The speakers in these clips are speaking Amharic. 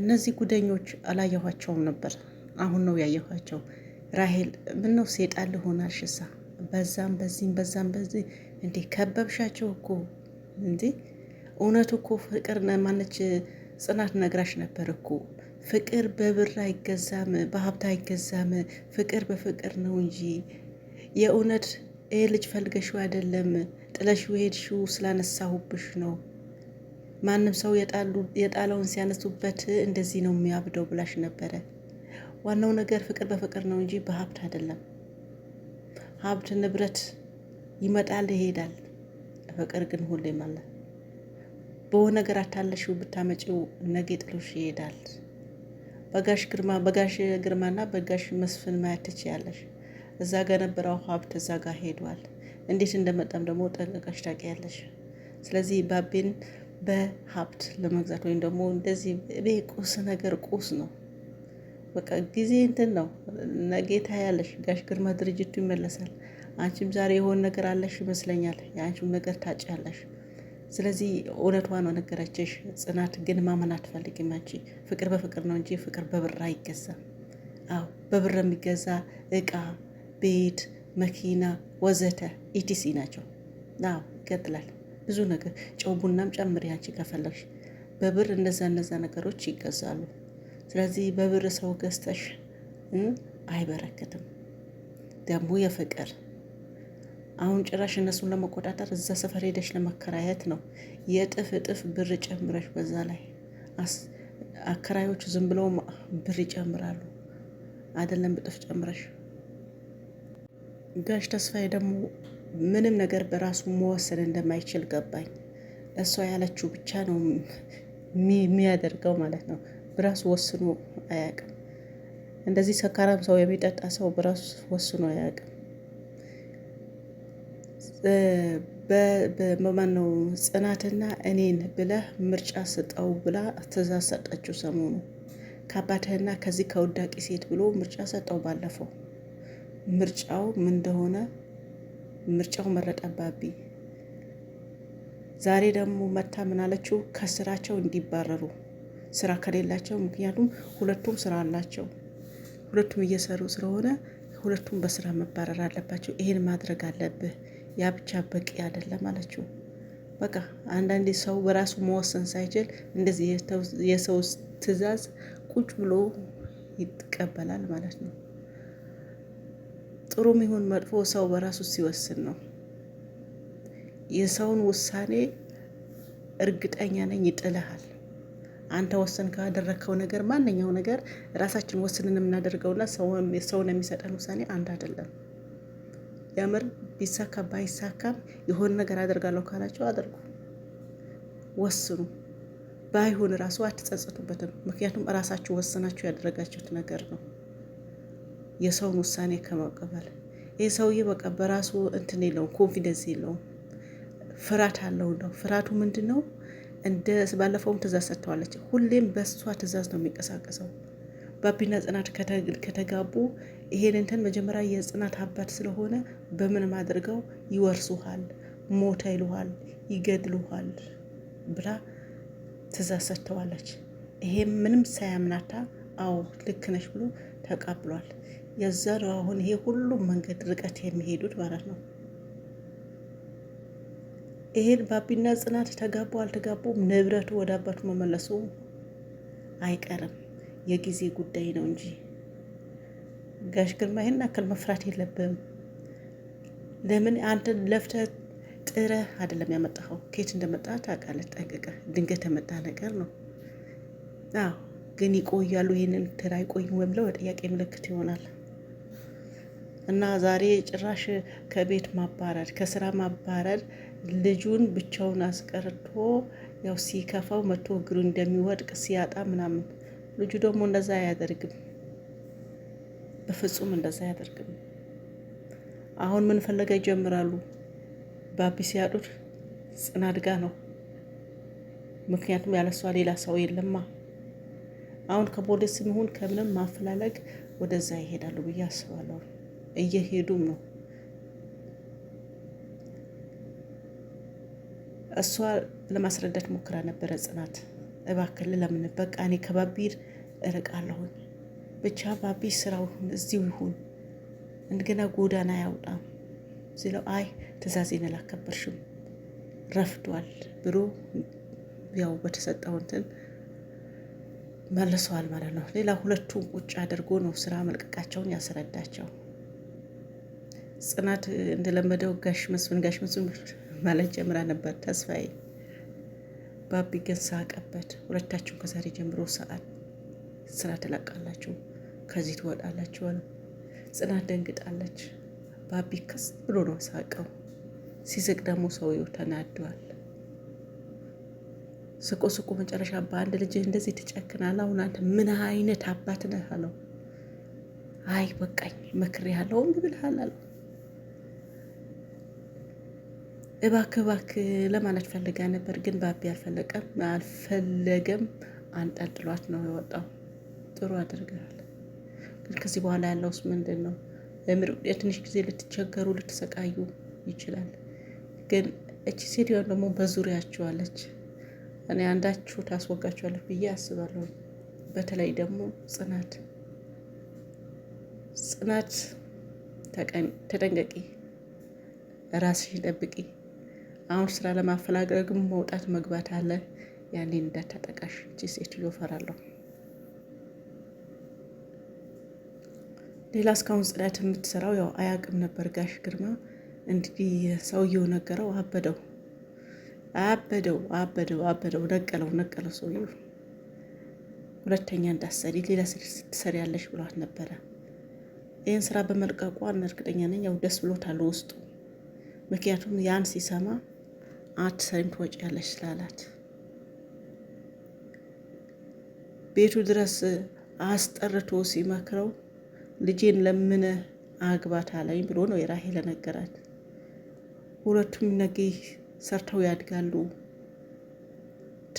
እነዚህ ጉደኞች አላየኋቸውም ነበር። አሁን ነው ያየኋቸው። ራሄል ምን ነው ሴጣን ልሆናል ሽሳ በዛም በዚህም በዛም በዚህ እንዴ ከበብሻቸው እኮ እንዴ እውነቱ እኮ ፍቅር ማነች ጽናት ነግራሽ ነበር እኮ ፍቅር በብር አይገዛም፣ በሀብት አይገዛም። ፍቅር በፍቅር ነው እንጂ የእውነት ይህ ልጅ ፈልገሽው አይደለም ጥለሽው ሄድሽው ስላነሳሁብሽ ነው ማንም ሰው የጣለውን ሲያነሱበት እንደዚህ ነው የሚያብደው ብላሽ ነበረ። ዋናው ነገር ፍቅር በፍቅር ነው እንጂ በሀብት አይደለም። ሀብት ንብረት ይመጣል ይሄዳል። ፍቅር ግን ሁሌም አለ። በሆነ ነገር አታለሽው ብታመጪው ነገ ጥሎሽ ይሄዳል። በጋሽ ግርማ በጋሽ ግርማና በጋሽ መስፍን ማየት ትችያለሽ። እዛ ጋር ነበረው ሀብት እዛ ጋር ሄዷል። እንዴት እንደመጣም ደግሞ ጠንቅቀሽ ታውቂያለሽ። ስለዚህ ባቤን በሀብት ለመግዛት ወይም ደግሞ እንደዚህ ቤ ቁስ ነገር ቁስ ነው። በቃ ጊዜ እንትን ነው። ነገ ታያለሽ። ጋሽ ግርማ ድርጅቱ ይመለሳል። አንቺም ዛሬ የሆን ነገር አለሽ ይመስለኛል። የአንቺም ነገር ታጭያለሽ። ስለዚህ እውነቷ ነው ነገረችሽ። ጽናት ግን ማመን አትፈልግም። አንቺ ፍቅር በፍቅር ነው እንጂ ፍቅር በብር አይገዛም። አዎ በብር የሚገዛ እቃ፣ ቤት፣ መኪና ወዘተ ኢቲሲ ናቸው። አዎ ይቀጥላል። ብዙ ነገር ጨው፣ ቡናም ጨምሪ አንቺ ከፈለግሽ። በብር እነዛ እነዛ ነገሮች ይገዛሉ። ስለዚህ በብር ሰው ገዝተሽ አይበረክትም። ደግሞ የፍቅር አሁን ጭራሽ እነሱን ለመቆጣጠር እዛ ሰፈር ሄደሽ ለመከራየት ነው የእጥፍ እጥፍ ብር ጨምረሽ። በዛ ላይ አከራዮቹ ዝም ብለው ብር ይጨምራሉ። አይደለም እጥፍ ጨምረሽ። ጋሽ ተስፋዬ ደግሞ ምንም ነገር በራሱ መወሰን እንደማይችል ገባኝ። እሷ ያለችው ብቻ ነው የሚያደርገው ማለት ነው። በራሱ ወስኖ አያውቅም። እንደዚህ ሰካራም ሰው የሚጠጣ ሰው በራሱ ወስኖ አያውቅም። በማን ነው ጽናትና እኔን ብለህ ምርጫ ስጠው ብላ ትእዛዝ ሰጠችው። ሰሞኑ ከአባትህና ከዚህ ከውዳቂ ሴት ብሎ ምርጫ ሰጠው። ባለፈው ምርጫው ምን እንደሆነ ምርጫው መረጠባቢ ዛሬ ደግሞ መታ ምናለችው ከስራቸው እንዲባረሩ ስራ ከሌላቸው ምክንያቱም ሁለቱም ስራ አላቸው። ሁለቱም እየሰሩ ስለሆነ ሁለቱም በስራ መባረር አለባቸው። ይሄን ማድረግ አለብህ፣ ያ ብቻ በቂ አይደለም አለችው። በቃ አንዳንዴ ሰው በራሱ መወሰን ሳይችል እንደዚህ የሰው ትዕዛዝ ቁጭ ብሎ ይቀበላል ማለት ነው። ጥሩም ይሁን መጥፎ ሰው በራሱ ሲወስን ነው። የሰውን ውሳኔ እርግጠኛ ነኝ ይጥልሃል። አንተ ወሰን ካደረግከው ነገር ማንኛው ነገር ራሳችን ወስንን የምናደርገውና ሰውን የሚሰጠን ውሳኔ አንድ አይደለም። የምር ቢሳካ ባይሳካም የሆነ ነገር አደርጋለሁ ካላቸው አድርጉ፣ ወስኑ። ባይሆን ራሱ አትጸጸቱበትም። ምክንያቱም ራሳችሁ ወሰናችሁ ያደረጋችሁት ነገር ነው። የሰውን ውሳኔ ከመቀበል ይህ ሰውዬ በቃ በራሱ እንትን የለውም፣ ኮንፊደንስ የለውም፣ ፍርሃት አለው ነው። ፍርሃቱ ምንድን ነው? እንደ ባለፈውም ትእዛዝ ሰጥተዋለች። ሁሌም በእሷ ትእዛዝ ነው የሚንቀሳቀሰው። ባቢና ጽናት ከተጋቡ ይሄን እንትን መጀመሪያ የጽናት አባት ስለሆነ በምንም አድርገው ይወርሱሃል፣ ሞታ ይሉሃል፣ ይገድሉሃል ብላ ትእዛዝ ሰጥተዋለች። ይሄም ምንም ሳያምናታ አዎ ልክ ነሽ ብሎ ተቀብሏል። የዛ ነው አሁን ይሄ ሁሉም መንገድ ርቀት የሚሄዱት ማለት ነው። ይሄን ባቢና ጽናት ተጋቡ አልተጋቡም ንብረቱ ወደ አባቱ መመለሱ አይቀርም፣ የጊዜ ጉዳይ ነው እንጂ ጋሽ ግርማ ይህን አክል መፍራት የለብም። ለምን አንተ ለፍተ ጥረ አይደለም ያመጣኸው፣ ኬት እንደመጣ ታውቃለህ ጠንቅቀህ። ድንገት የመጣ ነገር ነው። አዎ ግን ይቆያሉ። ይህንን ትራይ ቆይ ወይም ለው ጥያቄ ምልክት ይሆናል። እና ዛሬ ጭራሽ ከቤት ማባረር ከስራ ማባረር ልጁን ብቻውን አስቀርቶ ያው ሲከፋው መቶ እግሩ እንደሚወድቅ ሲያጣ ምናምን ልጁ ደግሞ እንደዛ አያደርግም። በፍጹም እንደዛ አያደርግም። አሁን ምን ፈለገ ይጀምራሉ። ባቢ ሲያጡት ጽናት ጋ ነው። ምክንያቱም ያለሷ ሌላ ሰው የለማ። አሁን ከፖሊስም ይሁን ከምንም ማፈላለግ ወደዛ ይሄዳሉ ብዬ አስባለሁ። እየሄዱም ነው። እሷ ለማስረዳት ሞክራ ነበረ። ጽናት እባክል ለምን በቃ እኔ ከባቢር እርቃለሁኝ ብቻ ባቢ ስራው ይሁን እዚሁ ይሁን እንደገና ጎዳና አያውጣም ሲለው አይ ትእዛዜን አላከበርሽም ረፍዷል ብሎ ያው በተሰጠው እንትን መልሰዋል ማለት ነው። ሌላ ሁለቱን ቁጭ አድርጎ ነው ስራ መልቀቃቸውን ያስረዳቸው። ጽናት እንደለመደው ጋሽ መስፍን ጋሽ መስፍን ማለት ጀምራ ነበር። ተስፋዬ ባቢ ግን ሳቀበት። ሁለታችሁም ከዛሬ ጀምሮ ሰዓት ስራ ትለቃላችሁ፣ ከዚህ ትወጣላችሁ አሉ። ጽናት ደንግጣለች። ባቢ ከስ ብሎ ነው ሳቀው። ሲስቅ ደግሞ ሰውየው ተናደዋል። ስቆ ስቆ መጨረሻ በአንድ ልጅ እንደዚህ ትጨክናለህ? አሁን አንተ ምን አይነት አባት ነህ አለው። አይ በቃኝ፣ መክር ያለውም ብልሃል አለው እባክህ እባክህ ለማለት ፈልጋ ነበር፣ ግን ባቢ አልፈለቀም አልፈለገም አንጠልጥሏት ነው የወጣው። ጥሩ አድርገል። ግን ከዚህ በኋላ ያለውስ ምንድን ነው? የትንሽ ጊዜ ልትቸገሩ ልትሰቃዩ ይችላል። ግን እቺ ሴትዮዋን ደግሞ በዙሪያችኋለች። እኔ አንዳችሁ ታስወጋችኋለች ብዬ አስባለሁ። በተለይ ደግሞ ጽናት ጽናት፣ ተጠንቀቂ፣ ራስሽን ጠብቂ። አሁን ስራ ለማፈላገግም መውጣት መግባት አለ። ያኔ እንዳታጠቃሽ እቺ ሴትዮ እፈራለሁ። ሌላ እስካሁን ጽዳት የምትሰራው ያው አያውቅም ነበር ጋሽ ግርማ። እንግዲህ ሰውየው ነገረው፣ አበደው አበደው አበደው አበደው፣ ነቀለው ነቀለው ሰውየው። ሁለተኛ እንዳሰሪ ሌላ ስትሰሪ ያለሽ ብሏት ነበረ። ይህን ስራ በመልቀቋ እርግጠኛ ነኝ ያው ደስ ብሎታል ውስጡ፣ ምክንያቱም ያን ሲሰማ አትሰሪም ትወጪያለሽ ስላላት ቤቱ ድረስ አስጠርቶ ሲመክረው ልጄን ለምን አግባት አለኝ ብሎ ነው የራሄ ለነገራት። ሁለቱም ነገ ሰርተው ያድጋሉ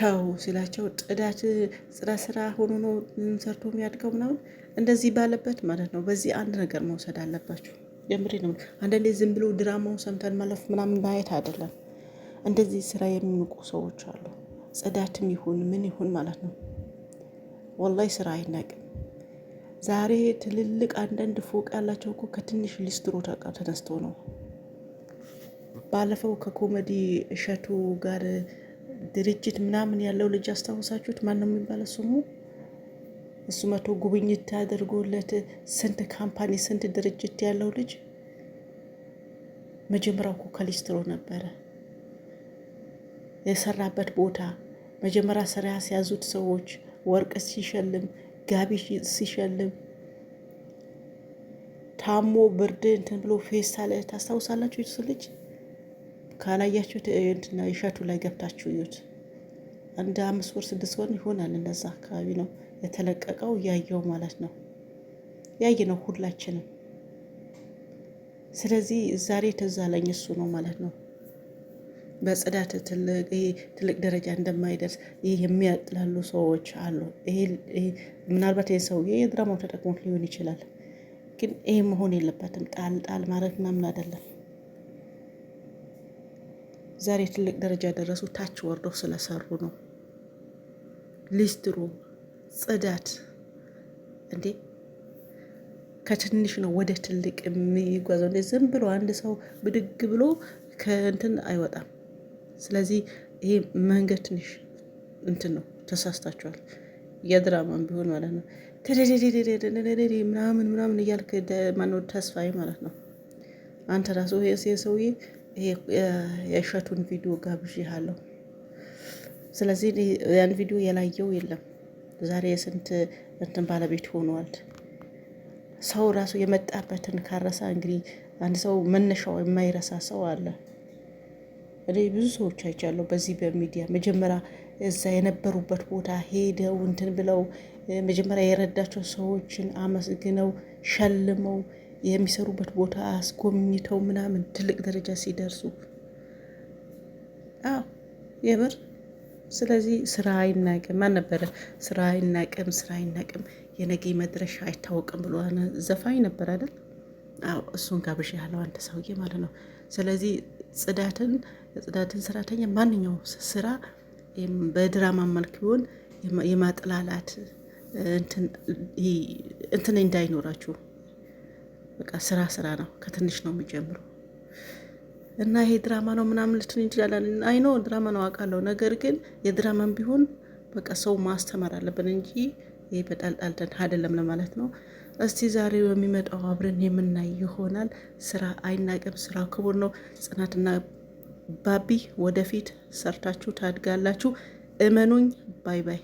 ተው ሲላቸው ጥዳት ጽዳ ስራ ሆኖ ነው ሰርቶ የሚያድገው ምናምን እንደዚህ ባለበት ማለት ነው። በዚህ አንድ ነገር መውሰድ አለባቸው። የምሬ ነው። አንዳንዴ ዝም ብሎ ድራማውን ሰምተን ማለፍ ምናምን ማየት አይደለም። እንደዚህ ስራ የሚንቁ ሰዎች አሉ። ጽዳትም ይሁን ምን ይሁን ማለት ነው። ወላይ ስራ አይናቅም። ዛሬ ትልልቅ አንዳንድ ፎቅ ያላቸው እኮ ከትንሽ ሊስትሮ ተነስቶ ነው። ባለፈው ከኮመዲ እሸቱ ጋር ድርጅት ምናምን ያለው ልጅ አስታውሳችሁት? ማን ነው የሚባለ ስሙ? እሱ መቶ ጉብኝት ታደርጎለት ስንት ካምፓኒ ስንት ድርጅት ያለው ልጅ መጀመሪያው እኮ ከሊስትሮ ነበረ። የሰራበት ቦታ መጀመሪያ ስራ ሲያዙት ሰዎች ወርቅ ሲሸልም፣ ጋቢ ሲሸልም ታሞ ብርድ እንትን ብሎ ፌስታ ላይ ታስታውሳላችሁ? እሱ ልጅ ካላያችሁት እሸቱ ላይ ገብታችሁ እዩት። እንደ አምስት ወር ስድስት ወር ይሆናል እንደዛ አካባቢ ነው የተለቀቀው። ያየው ማለት ነው ያየ ነው ሁላችንም። ስለዚህ ዛሬ ትዝ አለኝ እሱ ነው ማለት ነው። በጽዳት ትልቅ ደረጃ እንደማይደርስ ይህ የሚያጥላሉ ሰዎች አሉ። ምናልባት ይህ ሰውዬ የድራማው ተጠቅሞት ሊሆን ይችላል፣ ግን ይህ መሆን የለበትም። ጣል ጣል ማለት ምናምን አይደለም። ዛሬ ትልቅ ደረጃ ደረሱ፣ ታች ወርደው ስለሰሩ ነው። ሊስትሮ ጽዳት እንዴ ከትንሽ ነው ወደ ትልቅ የሚጓዘው። ዝም ብሎ አንድ ሰው ብድግ ብሎ ከእንትን አይወጣም። ስለዚህ ይሄ መንገድ ትንሽ እንትን ነው፣ ተሳስታችኋል። የድራማን ቢሆን ማለት ነው ምናምን ምናምን እያልክ ማነው ተስፋዬ ማለት ነው አንተ ራሱ ይሄ ሰውዬ የእሸቱን ቪዲዮ አለው። ስለዚህ ያን ቪዲዮ የላየው የለም። ዛሬ የስንት እንትን ባለቤት ሆኗል። ሰው ራሱ የመጣበትን ካረሳ እንግዲህ አንድ ሰው መነሻው የማይረሳ ሰው አለ። እኔ ብዙ ሰዎች አይቻለሁ በዚህ በሚዲያ መጀመሪያ እዛ የነበሩበት ቦታ ሄደው እንትን ብለው መጀመሪያ የረዳቸው ሰዎችን አመስግነው ሸልመው የሚሰሩበት ቦታ አስጎብኝተው ምናምን ትልቅ ደረጃ ሲደርሱ አዎ የምር ስለዚህ ስራ አይናቅም። ማን ነበረ ስራ አይናቅም፣ ስራ አይናቅም፣ የነገ መድረሻ አይታወቅም ብሎ ዘፋኝ ነበር አይደል? እሱን ጋብሽ ያለው አንድ ሰውዬ ማለት ነው። ስለዚህ ጽዳትን ጽዳትን ሰራተኛ ማንኛውም ስራ በድራማ መልክ ቢሆን የማጥላላት እንትን እንዳይኖራችሁ በቃ ስራ ስራ ነው። ከትንሽ ነው የሚጀምሩ እና ይሄ ድራማ ነው ምናምን ልትን እንችላለን። አይኖ ድራማ ነው አውቃለሁ። ነገር ግን የድራማም ቢሆን በቃ ሰው ማስተማር አለብን እንጂ ይህ በጣልጣልደን አይደለም ለማለት ነው። እስቲ ዛሬ በሚመጣው አብረን የምናይ ይሆናል። ስራ አይናቅም፣ ስራ ክቡር ነው። ጽናትና ባቢ ወደፊት ሰርታችሁ ታድጋላችሁ። እመኑኝ። ባይ ባይ